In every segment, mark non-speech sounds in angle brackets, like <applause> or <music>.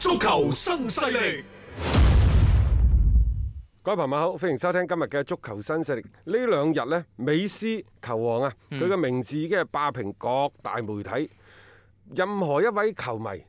足球新勢力，各位朋友好，歡迎收聽今日嘅足球新勢力。呢兩日呢，美斯球王啊，佢嘅、嗯、名字已經係霸屏各大媒體，任何一位球迷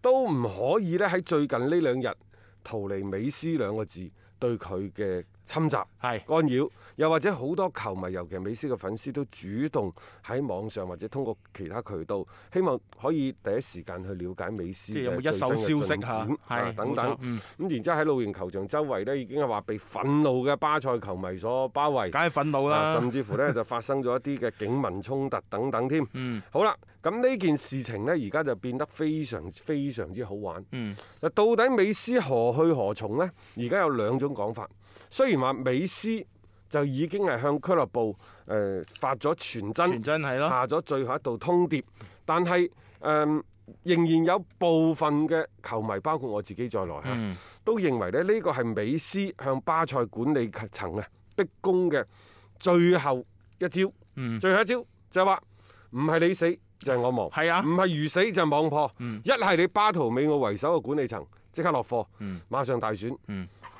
都唔可以呢，喺最近呢兩日逃離美斯兩個字對佢嘅侵襲、是干擾。又或者好多球迷，尤其係美斯嘅粉絲，都主動喺網上或者通過其他渠道，希望可以第一時間去了解美斯有冇一手消息、啊、等等。咁、嗯、然之後喺露營球場周圍呢，已經係話被憤怒嘅巴塞球迷所包圍，梗係憤怒啦、啊，甚至乎呢 <laughs> 就發生咗一啲嘅警民衝突等等添。嗯、好啦，咁呢件事情呢，而家就變得非常非常之好玩。嗯、到底美斯何去何從呢？而家有兩種講法。雖然話美斯就已經係向俱樂部誒發咗傳真，傳真、哦、下咗最後一道通牒。但係誒，仍然有部分嘅球迷，包括我自己在內嚇，都認為咧呢、這個係美斯向巴塞管理層啊逼，逼供嘅最後一招。嗯、最後一招就係話唔係你死就係我亡。係啊，唔係魚死就網破。一係你巴圖美奧為首嘅管理層即刻落課，馬上、嗯、大選。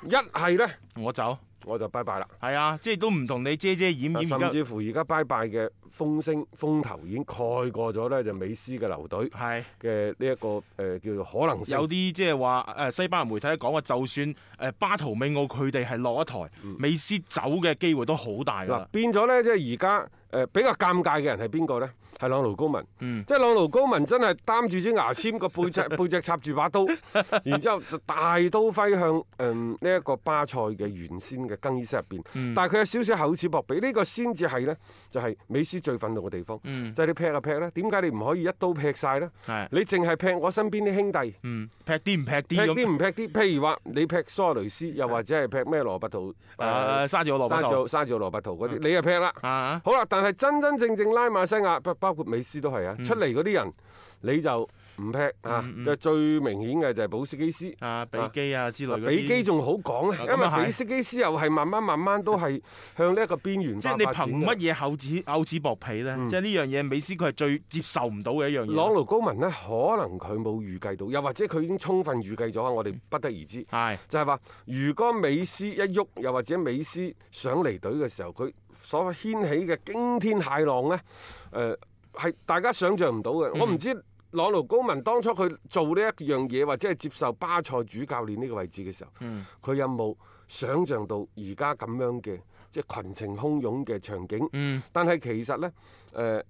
一係呢，我走 5 stars。Teen 000 Ut 我就拜拜啦。係啊，即係都唔同你遮遮掩掩，甚至乎而家拜拜嘅風聲風頭已經蓋過咗咧，就美斯嘅留隊、這個。係嘅呢一個誒叫做可能性。有啲即係話誒西班牙媒體講話，就算誒巴圖美奧佢哋係落一台，美斯走嘅機會都好大啦。嗱、嗯，變咗咧，即係而家。誒比較尷尬嘅人係邊個咧？係朗奴高文，嗯、即係朗奴高文真係擔住支牙籤個背脊， <laughs> 背脊插住把刀，然之後就大刀揮向誒呢一個巴塞嘅原先嘅更衣室入邊。嗯、但係佢有少少口齒薄皮，呢、這個先至係咧，就係、是、美斯最憤怒嘅地方。嗯、就係你劈就劈啦、啊，點解你唔可以一刀劈晒咧？你淨係劈我身邊啲兄弟，是劈啲唔劈啲劈？劈啲唔劈啲？譬如話你劈蘇雷斯，又或者係劈咩羅伯圖？誒、呃，沙治羅伯圖，嗰啲、欸，你啊劈啦！好啦，但但係真真正正拉馬西亞不包括美斯都係啊、嗯、出嚟嗰啲人你就唔劈啊！嗯嗯、最明顯嘅就係保斯基斯啊、比基啊之類，嗰啲比基仲好講、啊，啊、因為保斯基斯又係慢慢慢慢都係向呢一個邊緣。即係你憑乜嘢厚此厚此薄彼咧？即係呢樣嘢，美斯佢係最接受唔到嘅一樣嘢、啊。朗奴高文呢，可能佢冇預計到，又或者佢已經充分預計咗，我哋不得而知。係的就係話，如果美斯一喐，又或者美斯想離隊嘅時候，佢。所掀起嘅驚天駭浪呢，誒、呃、係大家想象唔到嘅。嗯、我唔知朗奴高文當初佢做呢一樣嘢，或者係接受巴塞主教練呢個位置嘅時候，佢、嗯、有冇想象到而家咁樣嘅即係群情洶湧嘅場景？嗯、但係其實呢，誒、呃、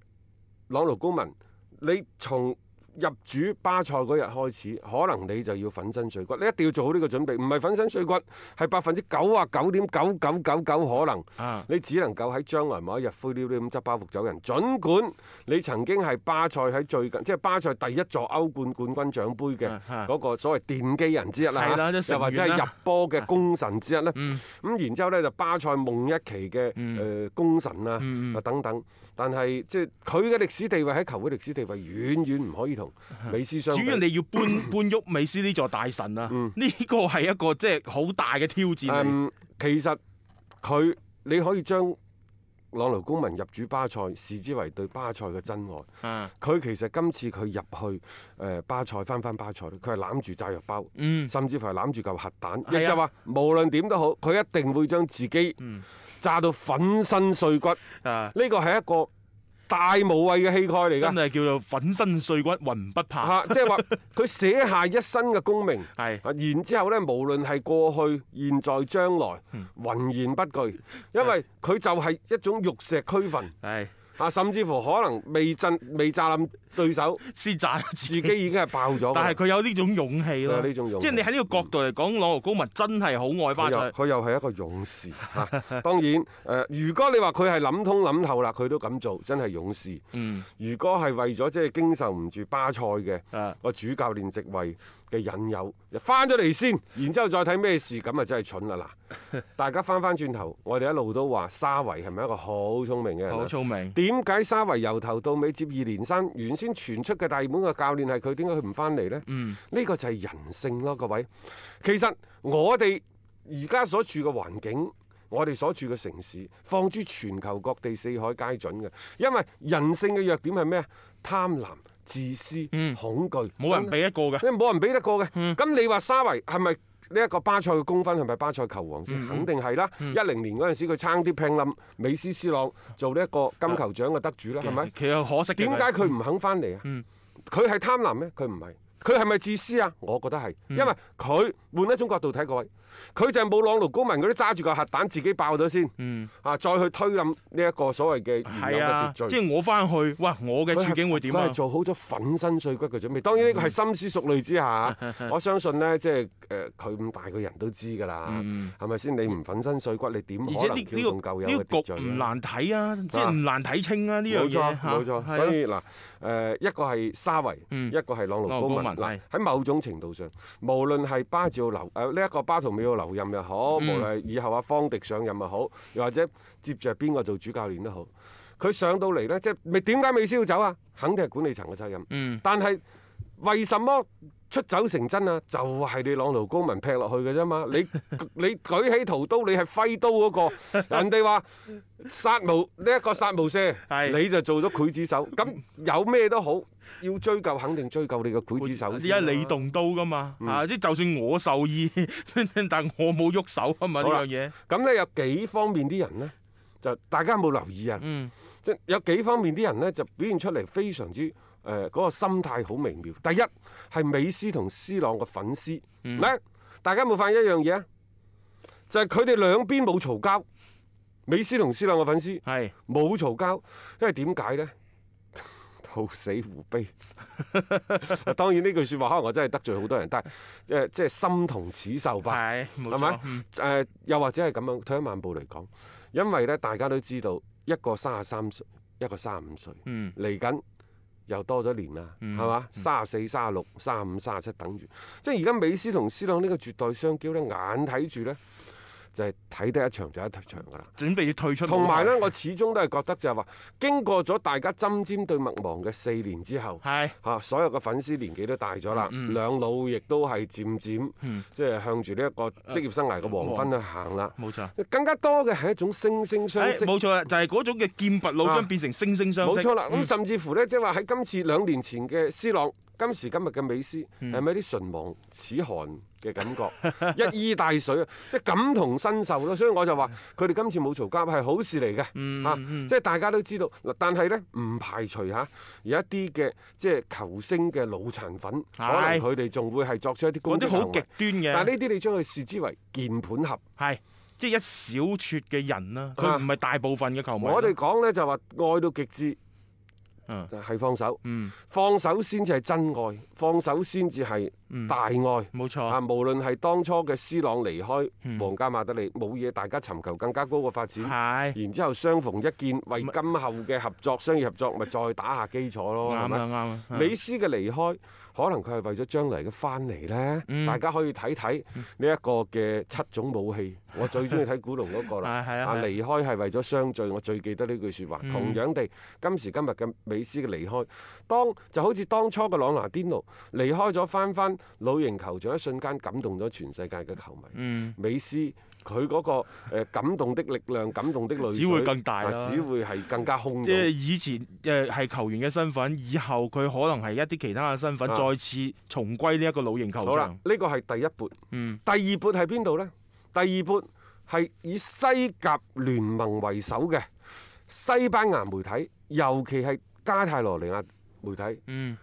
朗奴高文，你從入主巴塞嗰日開始，可能你就要粉身碎骨，你一定要做好呢個準備。唔係粉身碎骨，係百分之九啊九點九九九九可能。的你只能夠喺將來某一日灰溜溜咁執包袱走人。儘管你曾經係巴塞喺最近，即係巴塞第一座歐冠冠軍獎杯嘅嗰個所謂奠基人之一啦，又、就是、或者係入波嘅功臣之一呢咁、嗯、然之後呢，就巴塞夢一期嘅誒功臣啊，等等。但係即係佢嘅歷史地位喺球會歷史地位遠遠唔可以同美斯相比。主要你要搬 <coughs> 搬喐美斯呢座大神啊，呢個係一個即係好大嘅挑戰、啊嗯、其實佢你可以將朗盧公民入主巴塞視之為對巴塞嘅真愛。佢、嗯、其實今次佢入去誒、呃、巴塞翻翻巴塞，佢係攬住炸藥包，甚至乎係攬住嚿核彈。係就話無論點都好，佢一定會將自己、嗯嗯炸到粉身碎骨，呢個係一個大無畏嘅氣概嚟㗎，真係叫做粉身碎骨，魂不怕。嚇、 <laughs> 啊，即係話佢寫下一身嘅功名，係是、啊，然之後呢，無論係過去、現在、將來，渾然、嗯、不懼，因為佢就係一種玉石俱焚。係是。嗯啊！甚至乎可能未震、未炸冧對手，先炸自己，自己已經係爆咗。但係佢有呢種勇氣咯，呢種勇氣即係你喺呢個角度嚟講，朗奴、嗯、高文真係好愛巴塞。佢又係一個勇士。 <laughs> 啊、當然，誒、呃，如果你話佢係諗通諗透啦，佢都咁做，真係勇士。嗯。如果係為咗即係經受唔住巴塞嘅個、啊、主教練職位。嘅引誘又翻咗嚟先，然之後再睇咩事，咁啊真係蠢啦！嗱，大家翻翻轉頭，我哋一路都話沙維係咪一個好聰明嘅人？好聰明。點解沙維由頭到尾接二連三，原先傳出嘅大本嘅教練係佢，點解佢唔翻嚟呢？嗯，呢個就係人性咯，各位。其實我哋而家所處嘅環境，我哋所處嘅城市，放諸全球各地四海皆準嘅。因為人性嘅弱點係咩啊？貪婪。自私、恐懼，冇、嗯、人俾一個嘅，冇人俾得過嘅。咁、嗯、你話沙維係咪呢一個巴塞嘅功勛係咪巴塞球王先？嗯、肯定係啦。一零、嗯、年嗰陣時佢撐啲拼冧美斯、斯朗做呢一個金球獎嘅得主啦，係咪、啊吧？其實可惜點解佢唔肯翻嚟啊？佢係、嗯、貪婪咩？佢唔係。佢係咪自私啊？我覺得係，嗯、因為佢換一種角度睇佢。佢就冇朗奴高文嗰啲揸住個核彈自己爆咗先，啊再去推冧呢一個所謂嘅舊有嘅秩序。即係我返去，哇！我嘅處境會點啊？佢係做好咗粉身碎骨嘅準備。當然呢個係深思熟慮之下，我相信呢，即係誒佢咁大個人都知㗎啦。係咪先？你唔粉身碎骨，你點可能撬動舊有嘅秩序？呢局唔難睇啊，即係唔難睇清啊，呢樣嘢冇錯，冇錯，所以嗱，誒一個係沙維，一個係朗奴高文。喺某種程度上，無論係巴照樓誒呢一個巴圖。要留任又好，嗯、無論以後阿方迪上任又好，又或者接著邊個做主教練都好，佢上到嚟咧，即係咪點解梅西要走啊？肯定係管理層嘅責任。嗯，但係為什麼？出走成真啊！就係你朗奴高文劈落去嘅啫嘛！你你舉起屠刀，你係揮刀嗰個。人哋話殺無呢一個殺無赦，你就做咗劊子手。咁有咩都好，要追究肯定追究你個劊子手。而家你動刀噶嘛，即係就算我授意，但我冇喐手啊嘛呢樣嘢。咁咧有幾方面啲人咧，就大家有冇留意啊。即係有幾方面啲人咧，就表現出嚟非常之。誒嗰、呃那個心態好微妙。第一係美斯同斯朗嘅粉絲咧，嗯、大家冇發現一樣嘢啊，就係佢哋兩邊冇嘈交。美斯同斯朗嘅粉絲係冇嘈交，因為點解咧？兔 <laughs> 死狐胡悲、 <laughs> 啊。當然呢句説話可能我真係得罪好多人，但係誒、呃、即係心同此受吧，係咪？錯吧、嗯呃。又或者係咁樣，退一晚萬步嚟講，因為咧大家都知道一個三十三歲，一個三十五歲嚟緊。嗯又多咗年啦，係嘛、嗯？三十四、三十六、三十五、三十七等住，即係而家美斯同斯朗呢個絕代雙驕咧，眼睇住咧。就係睇得一場就一場噶啦，準備要退出。同埋咧，我始終都係覺得就係話，經過咗大家針尖對麥芒嘅四年之後，係嚇所有嘅粉絲年紀都大咗啦，兩老亦都係漸漸，即係向住呢一個職業生涯嘅黃昏去行啦。冇錯，更加多嘅係一種惺惺相惜。冇錯，就係嗰種嘅劍拔弩張變成惺惺相惜。冇錯啦，咁甚至乎咧，即係話喺今次兩年前嘅思朗。今時今日嘅美斯係咪啲唇亡齒寒嘅感覺？一衣帶水啊，即係感同身受咯。所以我就話佢哋今次冇嘈交係好事嚟嘅嚇，即係大家都知道嗱。但係咧，唔排除嚇有一啲嘅即係球星嘅腦殘粉，可能佢哋仲會係作出一啲觀望。嗰啲好極端嘅，但係呢啲你將佢視之為鍵盤俠，係即係一小撮嘅人啦。佢唔係大部分嘅球迷。我哋講咧就話愛到極致。嗯，係放手，嗯、放手先至係真愛，放手先至係大愛，冇錯啊！無論係當初嘅斯朗離開皇、嗯、家馬德里，冇嘢大家尋求更加高嘅發展，是然之後相逢一見，為今後嘅合作、商業是合作，咪再打下基礎咯，啱啱啊！美斯嘅離開。可能佢係為咗將來嘅翻嚟呢，嗯、大家可以睇睇呢一個嘅七種武器。嗯、我最中意睇古龍嗰個啦，啊 <laughs> 離開係為咗相聚，我最記得呢句説話。嗯、同樣地，今時今日嘅美斯嘅離開，當就好似當初嘅朗拿甸奴離開咗翻翻老營球場，一瞬間感動咗全世界嘅球迷。嗯、美斯。佢嗰個感動的力量，感動的淚水，只會更大，只會係更加控。即係以前誒係球員嘅身份，以後佢可能係一啲其他嘅身份，啊、再次重歸呢一個老型球場。好啦，呢個係第一撥。嗯。第二撥係邊度呢？第二撥係以西甲聯盟為首嘅西班牙媒體，尤其係加泰羅尼亞媒體。嗯。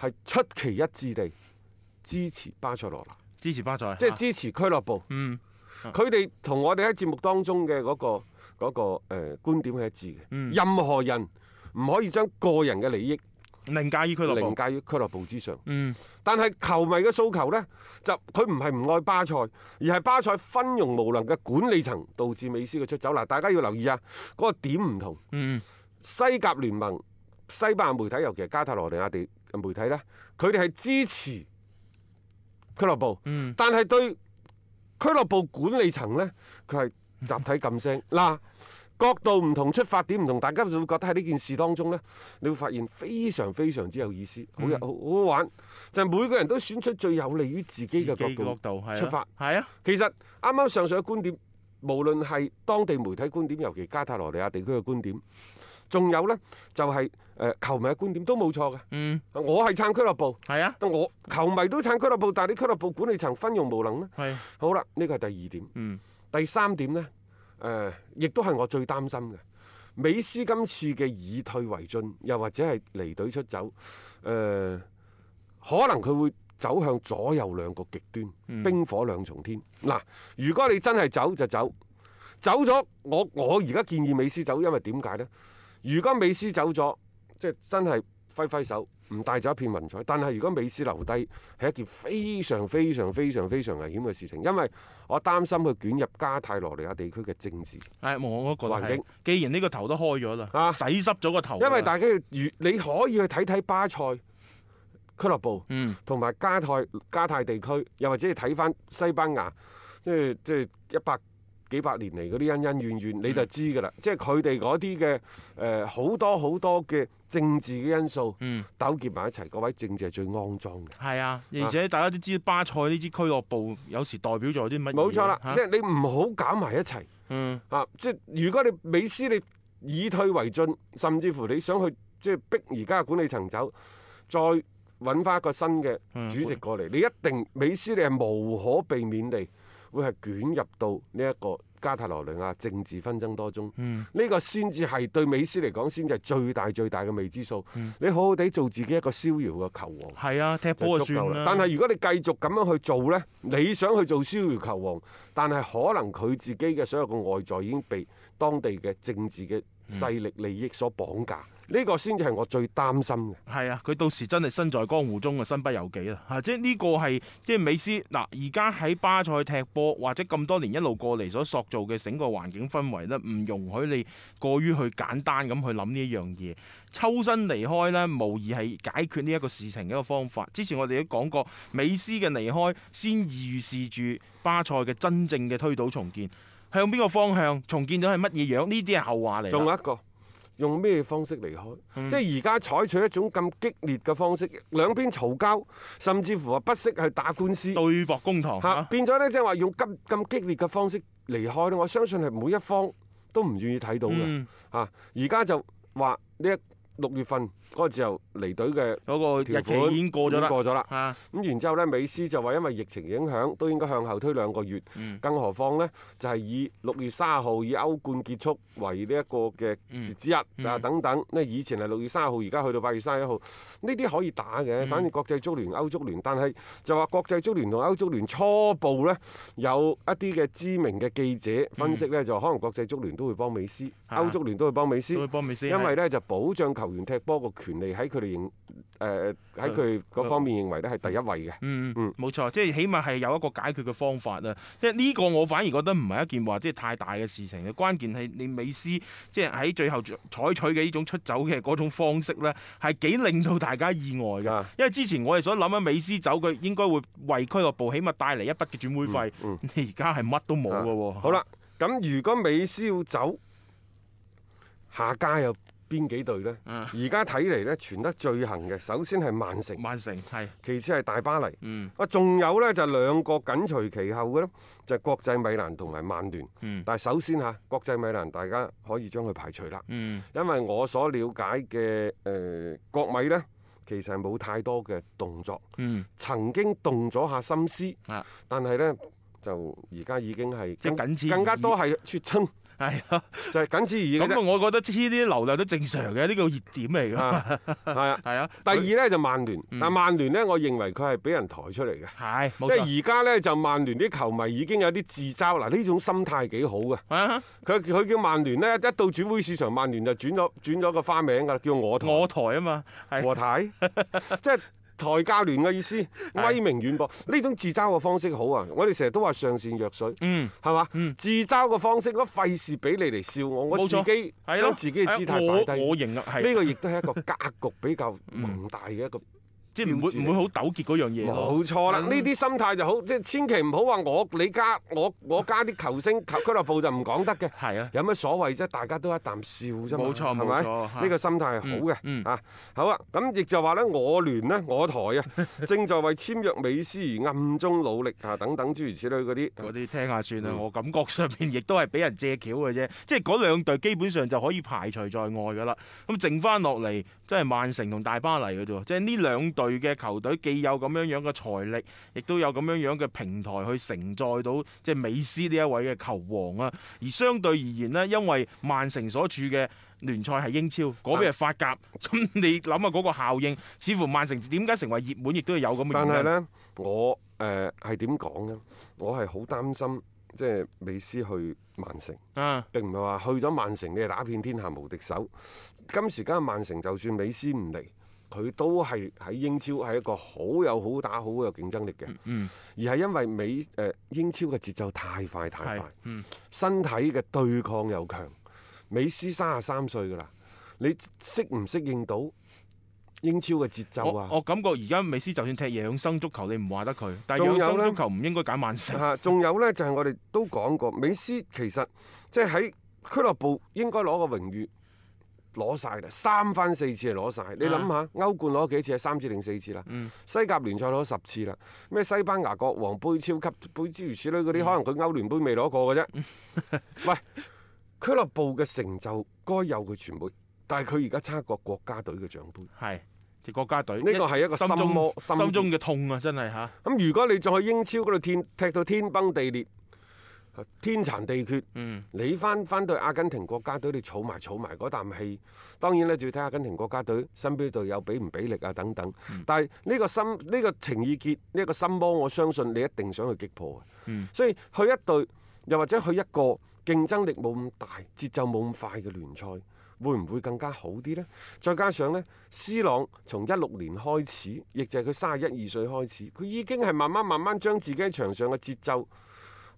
係出奇一致地支持巴塞羅那，支持巴塞，即係支持俱樂部。嗯。佢哋同我哋喺節目當中嘅嗰個嗰個誒觀點係一致嘅。嗯、任何人唔可以將個人嘅利益凌駕於俱樂部，凌駕於俱樂部之上。嗯。但係球迷嘅訴求咧，就佢唔係唔愛巴塞，而係巴塞昏庸無能嘅管理層導致美斯嘅出走。嗱，大家要留意啊，嗰個點唔同。嗯。西甲聯盟、西班牙媒體，尤其係加泰羅尼亞地嘅媒體咧，佢哋係支持俱樂部，但係對。俱樂部管理層呢，佢係集體禁聲。嗱、 <laughs> 啊，角度唔同，出發點唔同，大家就會覺得喺呢件事當中呢，你會發現非常非常之有意思，嗯、好好，好玩。就係、每個人都選出最有利於自己嘅角度出發。係啊，啊其實啱啱上述嘅觀點，無論係當地媒體觀點，尤其加泰羅尼亞地區嘅觀點。仲有呢，就係誒球迷嘅觀點都冇錯嘅。嗯，我係撐俱樂部，係啊。我球迷都撐俱樂部，但係啲俱樂部管理層昏庸無能呢。係。好啦，呢個係第二點。嗯。第三點呢，誒，亦都係我最擔心嘅。美斯今次嘅以退為進，又或者係離隊出走，誒，可能佢會走向左右兩個極端，冰火兩重天嗱、嗯。如果你真係走就走，就走咗我我而家建議美斯、斯走、走，因為點解呢？如果美斯走咗，即係真係揮揮手，唔帶走一片雲彩。但係如果美斯留低，係一件非常非常非常非常危險嘅事情，因為我擔心佢捲入加泰羅尼亞地區嘅政治環境，哎我覺得。既然呢個頭都開咗啦，啊、洗濕咗個頭了，因為大家如你可以去睇睇巴塞俱樂部，同埋，嗯，加泰加泰地區，又或者係睇翻西班牙，即係即係一百。就是幾百年嚟嗰啲恩恩怨怨，你就知㗎啦。即係佢哋嗰啲嘅誒好多好多嘅政治嘅因素，糾結埋一齊。嗰位政治係最骯髒嘅。係啊，而且大家都知巴塞呢支俱樂部有時代表咗啲乜嘢？冇錯啦，即係你唔好搞埋一齊。嗯。啊，即係如果你美斯你以退為進，甚至乎你想去即係逼而家嘅管理層走，再揾翻一個新嘅主席過嚟，你一定美斯你係無可避免地，會係捲入到呢一個加泰羅尼亞政治紛爭當中，呢、嗯、個先至係對美斯嚟講先至係最大最大嘅未知數。嗯、你好好地做自己一個逍遙嘅球王，係、嗯、啊，踢波就足夠啦。但係如果你繼續咁樣去做呢，你想去做逍遙球王，但係可能佢自己嘅所有嘅外在已經被當地嘅政治嘅勢力利益所綁架。嗯嗯。呢個先至係我最擔心嘅。係啊，佢到時真係身在江湖中啊，身不由己啦嚇、啊！即係呢個係即係美斯嗱，而家喺巴塞踢波，或者咁多年一路過嚟所塑造嘅整個環境氛圍咧，唔容許你過於去簡單咁去諗呢一樣嘢。抽身離開呢，無疑係解決呢一個事情嘅一個方法。之前我哋都講過，美斯嘅離開先預示住巴塞嘅真正嘅推倒重建，向邊個方向重建咗係乜嘢樣？呢啲係後話嚟。仲有一個。用咩方式離開？即係而家採取一種咁激烈嘅方式，兩邊嘈交，甚至乎話不惜去打官司，對簿公堂嚇，變咗咧即係話用咁咁激烈嘅方式離開咧。我相信係每一方都唔願意睇到嘅嚇。而家、嗯、就話呢一六月份。嗰個時候離隊嘅個個條款已經過咗啦，咁、啊、然之後咧，美斯就話因為疫情影響都應該向後推兩個月。嗯、更何況咧，就係、是、以六月卅號以歐冠結束為呢一個嘅截止日。啊、嗯嗯、等等咧，以前係六月卅號，而家去到八月卅一號，呢啲可以打嘅。嗯、反正國際足聯歐足聯，但係就話國際足聯同歐足聯初步咧，有一啲嘅知名嘅記者分析咧，嗯、就可能國際足聯都會幫美斯，啊、歐足聯都會幫美斯，啊、都會幫美斯，因為咧是就保障球員踢波個。權利喺佢哋認，誒喺佢嗰方面認為咧係第一位嘅。嗯嗯，冇錯，即係起碼係有一個解決嘅方法啦。因為呢個我反而覺得唔係一件話即係太大嘅事情嘅，關鍵係你美斯即係喺最後採取嘅呢種出走嘅嗰種方式咧，係幾令到大家意外㗎。因為之前我哋所諗緊美斯走，佢應該會為俱樂部起碼帶嚟一筆嘅轉會費。嗯，你而家係乜都冇㗎喎。好啦，咁如果美斯要走，下家又？邊幾隊呢？而家睇嚟呢傳得最行嘅，首先係曼城，曼城係，其次係大巴黎，嗯，啊，仲有呢，就兩個緊隨其後嘅咧，就是、國際米蘭同埋曼聯，嗯，但係首先嚇國際米蘭大家可以將佢排除啦，嗯，因為我所了解嘅誒、呃、國米呢，其實冇太多嘅動作，嗯，曾經動咗下心思，嗯、但係呢，就而家已經係，即係緊接、更加多係出親。係咯，啊、就係僅此而。咁我覺得呢啲流量都正常嘅，呢、呢個熱點嚟㗎。係啊，係 <laughs> 啊。第二咧就曼聯，嗯、但曼聯咧，我認為佢係俾人抬出嚟嘅。係、嗯，即係而家咧就曼聯啲球迷已經有啲自嘲，嗱，呢種心態幾好嘅。佢佢、啊、叫曼聯咧，一到轉會市場，曼聯就轉咗轉咗個花名㗎，叫我台。我台啊嘛，啊和台太， <laughs> 即係。台教聯嘅意思， <laughs> 威名遠播，呢 <laughs> 種自嘲嘅方式好啊！我哋成日都話上善若水，嗯，係嘛吧？嗯、自嘲嘅方式，我費事俾你嚟笑我，錯我自己將的自己嘅姿態擺低、啊，我我認啊，呢個亦都係一個格局比較宏大嘅一個、 <laughs> 嗯。嗯。即係唔會唔會好糾結嗰樣嘢。冇錯啦，呢啲心態就好，即係千祈唔好話我你加我我加啲球星球俱樂部就唔講得嘅。係啊，有乜所謂啫？大家都一啖笑啫，冇錯，冇錯，呢個心態係好嘅。啊，好啊，咁亦就話咧，我聯呢，我台啊，正在為簽約美斯而暗中努力啊，等等諸如此類嗰啲。嗰啲聽下算啦，我感覺上面亦都係俾人借橋嘅啫。即係嗰兩隊基本上就可以排除在外㗎啦。咁剩翻落嚟，即係曼城同大巴黎㗎啫。即係呢兩隊。類嘅球隊既有咁樣樣嘅財力，亦都有咁樣樣嘅平台去承載到即係美斯呢一位嘅球王啊！而相對而言呢，因為曼城所處嘅聯賽係英超，嗰邊係法甲，咁但 <laughs> 你諗下嗰個效應，似乎曼城點解成為熱門，亦都係有咁嘅原因。但係呢，我誒係點講咧？我係好擔心，即係美斯去曼城，啊，並唔係話去咗曼城你係打遍天下無敵手。今時今日曼城就算美斯唔嚟。佢都係喺英超係一個好有好打好有競爭力嘅。嗯嗯、而係因為美、誒、呃、英超嘅節奏太快太快，嗯、身體嘅對抗又強，美斯三十三歲噶啦，你適唔適應到英超嘅節奏啊？我，我感覺而家美斯就算踢養生足球，你唔話得佢，但係養生足球唔應該揀曼城。嚇，仲 <laughs> 有咧就係，是，我哋都講過，美斯其實即係喺俱樂部應該攞個榮譽。攞晒啦，三番四次係攞晒。啊、你諗下，歐冠攞幾次啊？三次定四次啦。嗯、西甲聯賽攞十次啦。咩西班牙國王杯、超級杯諸如此類嗰啲，嗯、可能佢歐聯杯未攞過嘅啫。嗯、 <laughs> 喂，俱樂部嘅成就該有佢全部，但係佢而家差過國家隊嘅獎杯。係，啲國家隊。呢個係一個心魔，心中嘅變痛啊！真係嚇。咁 <laughs> 如果你再去英超嗰度天踢到天崩地裂。天殘地缺，嗯、你翻翻對阿根廷國家隊，你儲埋儲埋嗰啖氣。當然咧，就要睇阿根廷國家隊身邊隊友俾唔俾力啊等等。嗯、但係呢個心呢、呢個情意結呢個心魔，我相信你一定想去擊破嘅。嗯、所以去一隊，又或者去一個競爭力冇咁大、節奏冇咁快嘅聯賽，會唔會更加好啲呢？再加上呢，C 朗從一六年開始，亦就係佢卅一、二歲開始，佢已經係慢慢慢慢將自己喺場上嘅節奏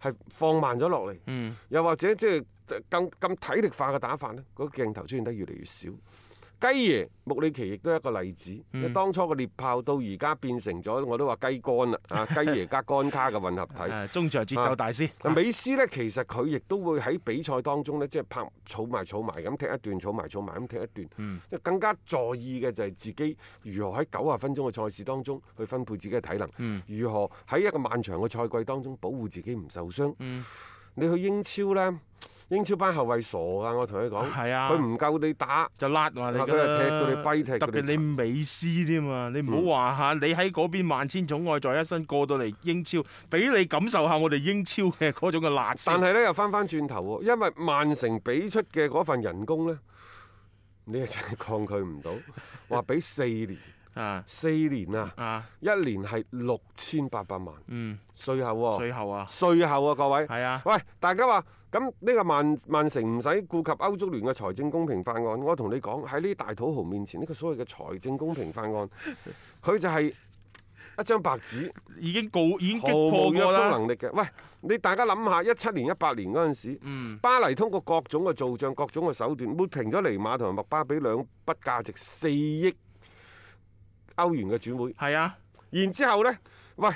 係放慢咗落嚟，嗯、又或者即係更更體力化嘅打法咧，嗰鏡頭出現得越嚟越少。雞爺穆里奇亦都係一個例子，因、嗯、當初個獵豹到而家變成咗，我都話雞肝啦嚇，雞爺加肝卡嘅混合體。 <laughs> 中場節奏大師，啊嗯、美斯呢，其實佢亦都會喺比賽當中呢，即係拍草埋草埋咁踢一段，草埋草埋咁踢一段，即更加在意嘅就係自己如何喺九十分鐘嘅賽事當中去分配自己嘅體能，嗯、如何喺一個漫長嘅賽季當中保護自己唔受傷。嗯嗯、你去英超呢。呢英超班後衞傻噶，我同你講，佢唔、啊、夠你打就甩話你佢啦。踢到你跛，踢到你殘，特別你美斯添嘛，你唔好話嚇，嗯、你喺嗰邊萬千寵愛在一身，過到嚟英超，俾你感受下我哋英超嘅嗰種嘅辣。但係咧又翻翻轉頭喎，因為曼城俾出嘅嗰份人工咧，你係真係抗拒唔到，話俾四年。 <laughs> 四年啊，啊一年係六千八百萬，嗯，稅後喎，稅後啊，稅後啊，各位，係啊，喂，大家話咁呢個曼曼城唔使顧及歐足聯嘅財政公平法案，我同你講喺呢啲大土豪面前，呢、呢個所謂嘅財政公平法案，佢、嗯、就係一張白紙，已經告已經告破咗。能力嘅，喂，你大家諗下，一七年、一八年嗰陣時，嗯、巴黎通過各種嘅造賬、各種嘅手段抹平咗尼馬同埋麥巴比兩筆價值四億。歐元嘅轉會係啊，然之後呢，喂，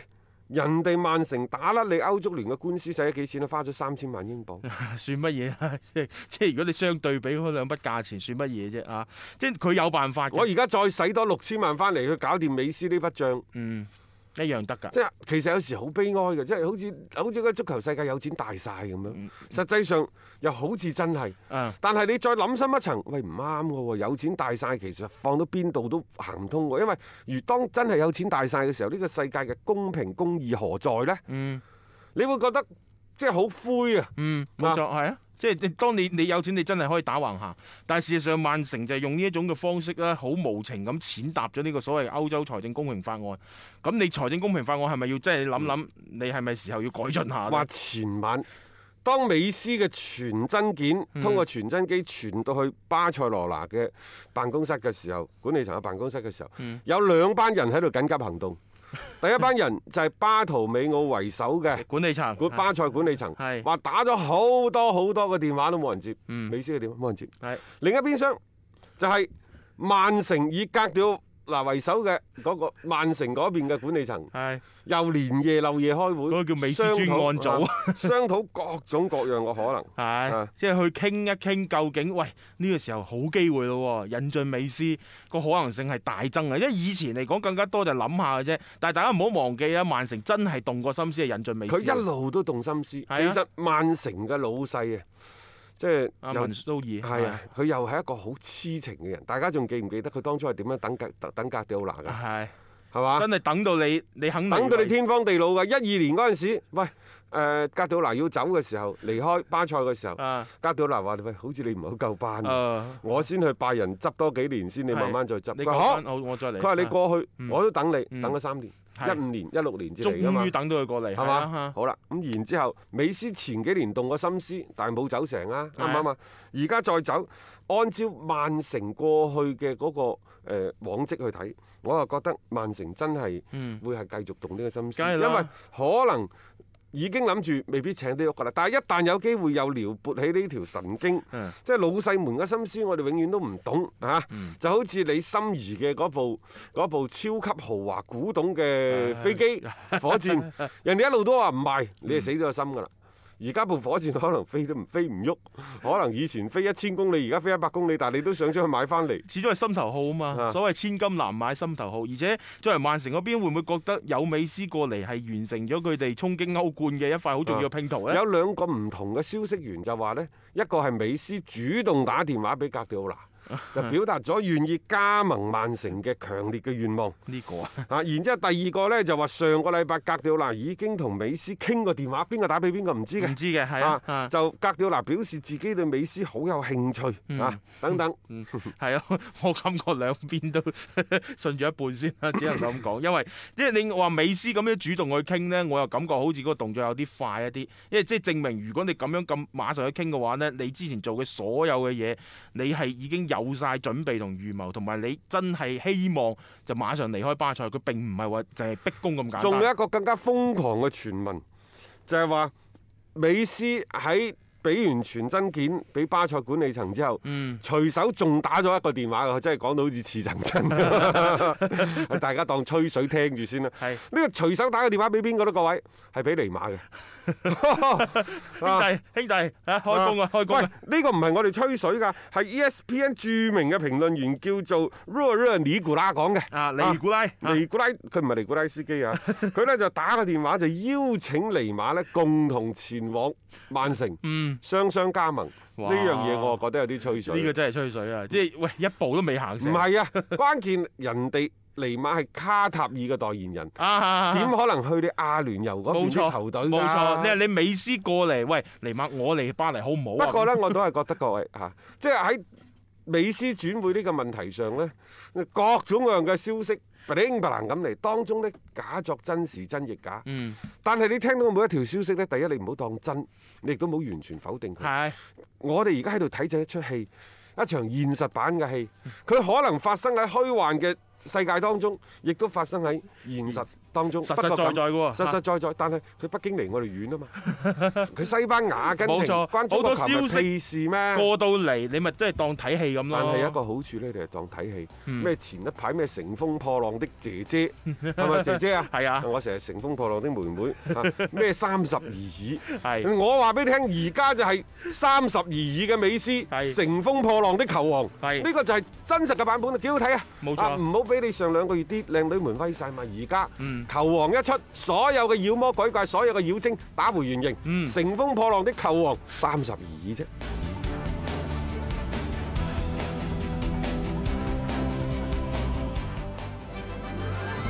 人哋曼城打甩你歐足聯嘅官司使咗幾錢啊？花咗三千萬英鎊，算乜嘢啊？即係如果你相對比嗰兩筆價錢，算乜嘢啫啊？即係佢有辦法，我而家再使多六千萬翻嚟去搞掂美斯呢筆帳。嗯。一樣得㗎，即係其實有時好悲哀嘅，即係好似好似個足球世界有錢大晒咁樣，實際上又好似真係。嗯、但係你再諗深一層，喂唔啱嘅喎，有錢大晒其實放到邊度都行唔通嘅，因為如當真係有錢大晒嘅時候，呢個世界嘅公平公義何在呢？嗯、你會覺得即係好灰啊！嗯、冇錯，係啊。即係你，當你你有錢，你真係可以打橫行。但係事實上，曼城就係用呢一種嘅方式啦，好無情咁踐踏咗呢個所謂歐洲財政公平法案。咁你財政公平法案係咪要真係諗諗？嗯，你係咪時候要改進下？話前晚，當美斯嘅傳真件通過傳真機傳到去巴塞羅那嘅辦公室嘅時候，管理層嘅辦公室嘅時候，有兩班人喺度緊急行動。 <laughs> 第一班人就係巴圖美奧為首嘅管理層，管巴塞管理層，係話打咗好多好多個電話都冇人接，嗯，美斯嘅電話冇人接，係另一邊廂就係曼城以格調。嗱，為首嘅嗰個曼城嗰邊嘅管理層，的又連夜漏夜開會，嗰個叫美斯專案組，商討各種各樣嘅可能，係即係去傾一傾究竟，喂呢個時候好機會咯，引進美斯個可能性係大增嘅，因為以前嚟講更加多就諗下嘅啫。但係大家唔好忘記啊，曼城真係動過心思係，引進美斯，佢一路都動心思。的其實曼城嘅老細啊。即係又蘇啊！佢又係一個好痴情嘅人。大家仲記唔記得佢當初係點樣等格等格迪奧娜嘅？係係嘛？真係等到你，你肯等到你天荒地老㗎！一二年嗰陣時，喂誒、呃，格迪奧娜要走嘅時候，離開巴塞嘅時候，啊、格迪奧娜話：喂，好似你唔係好夠班，啊、我先去拜仁執多幾年先，你慢慢再執。你可我、啊、我再嚟？佢話你過去，啊、我都等你、嗯、等咗三年。一五年、一六年之類，終於等到佢過嚟，係嘛？啊、好啦，咁然之後，美斯前幾年動過心思，但冇走成啊，啱唔啱啊？而家再走，按照曼城過去嘅嗰個、呃、往績去睇，我又覺得曼城真係會係繼續動呢個心思、嗯、因為可能。已經諗住未必請啲屋骨力，但係一旦有機會又撩撥起呢條神經，嗯、即係老細們嘅心思我，我哋永遠都唔懂嚇。嗯、就好似你心儀嘅部部超級豪華古董嘅飛機，嗯嗯、火箭， <laughs> 人哋一路都話唔賣，你係死咗個心㗎啦。嗯而家部火箭可能飛都唔飛唔喐，可能以前飛一千公里，而家飛一百公里，但係你都想將佢買翻嚟。始終係心頭好啊嘛，啊所謂千金難買心頭好。而且作為曼城嗰邊，會唔會覺得有美斯過嚟係完成咗佢哋衝擊歐冠嘅一塊好重要嘅拼圖咧？啊，有兩個唔同嘅消息源就話咧，一個係美斯主動打電話俾格迪奧拿。就表達咗願意加盟曼城嘅強烈嘅願望。呢、這個啊，然之後第二個呢，就話上個禮拜哥迪奧拿已經同美斯傾過電話，邊個打俾邊個唔知嘅。唔知嘅，係啊，啊，就哥迪奧拿表示自己對美斯好有興趣、嗯、啊等等。嗯，嗯啊，我感覺兩邊都順住 <laughs> 一半先啦，只能咁講，因為因為你話美斯咁樣主動去傾呢，我又感覺好似嗰個動作有啲快一啲，因為即係證明如果你咁樣咁馬上去傾嘅話呢，你之前做嘅所有嘅嘢，你係已經入。有晒準備同預謀，同埋你真係希望就馬上離開巴塞，佢並唔係話就係逼宮咁簡單。仲有一個更加瘋狂嘅傳聞，就係話美斯喺，俾完傳真件俾巴塞管理層之後，隨、嗯、手仲打咗一個電話，佢真係講到好似似曾真， <laughs> 大家當吹水聽住先啦。係呢是個隨手打個電話俾邊個咧？各位係俾尼馬嘅、 <laughs> 啊，兄弟兄弟啊，啊開，開工啊，開工！喂，呢個唔係我哋吹水噶，係 ESPN 著名嘅評論員叫做 Rue r 羅熱尼古拉講嘅。尼古拉，啊、尼古拉，佢唔係尼古拉司機啊，佢咧就打個電話就邀請尼馬咧共同前往曼城。嗯。雙雙加盟呢樣嘢，哇我覺得有啲吹水。呢個真係吹水啊！即係是喂，一步都未行先。唔係啊， <laughs> 關鍵人哋尼馬係卡塔爾嘅代言人，點、啊啊、可能去啲阿聯酋嗰邊球隊、啊？冇錯，錯，你你美斯過嚟，喂，尼馬我嚟巴黎好唔好不，好、啊、不過咧，我都係覺得各位嚇、 <laughs> 啊，即係喺美斯轉會呢個問題上咧，各種各樣嘅消息。白令白蘭咁嚟，當中呢，假作真時真亦假。嗯。但係你聽到每一條消息呢，第一你唔好當真，你亦都冇完全否定佢。係是。我哋而家喺度睇緊一出戲，一場現實版嘅戲，佢可能發生喺虛幻嘅世界當中，亦都發生喺現實。 <laughs> 當中實實在在嘅喎，實實在在，但係佢北京離我哋遠啊嘛，佢西班牙跟住好多消息咩？過到嚟你咪真係當睇戲咁咯。但係一個好處咧，就係當睇戲。咩前一排咩乘風破浪的姐姐係咪姐姐啊？係啊，我成日乘風破浪的妹妹。咩三十而已係？我話俾你聽，而家就係三十而已嘅美斯，乘風破浪的球王。係，呢個就係真實嘅版本，幾好睇啊！冇錯，唔好俾你上兩個月啲靚女們威晒嘛，而家球王一出，所有嘅妖魔鬼怪，所有嘅妖精打回原形。嗯、乘風破浪的球王，三十而已啫。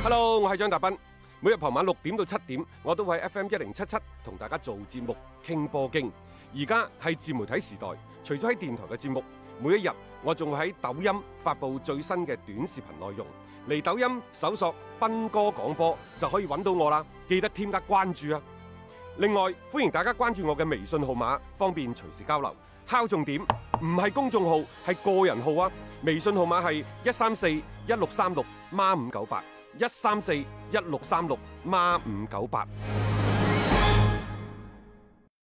Hello，我係張達斌，每日傍晚六點到七點，我都會喺 FM 一零七七同大家做節目傾波經。而家係自媒體時代，除咗喺電台嘅節目，每一日我仲會喺抖音發佈最新嘅短視頻內容。嚟抖音搜索斌哥廣播就可以揾到我啦，記得添加關注啊！另外歡迎大家關注我嘅微信號碼，方便隨時交流。敲重點，唔係公眾號，係個人號啊！微信號碼係一三四一六三六孖五九八，一三四一六三六孖五九八。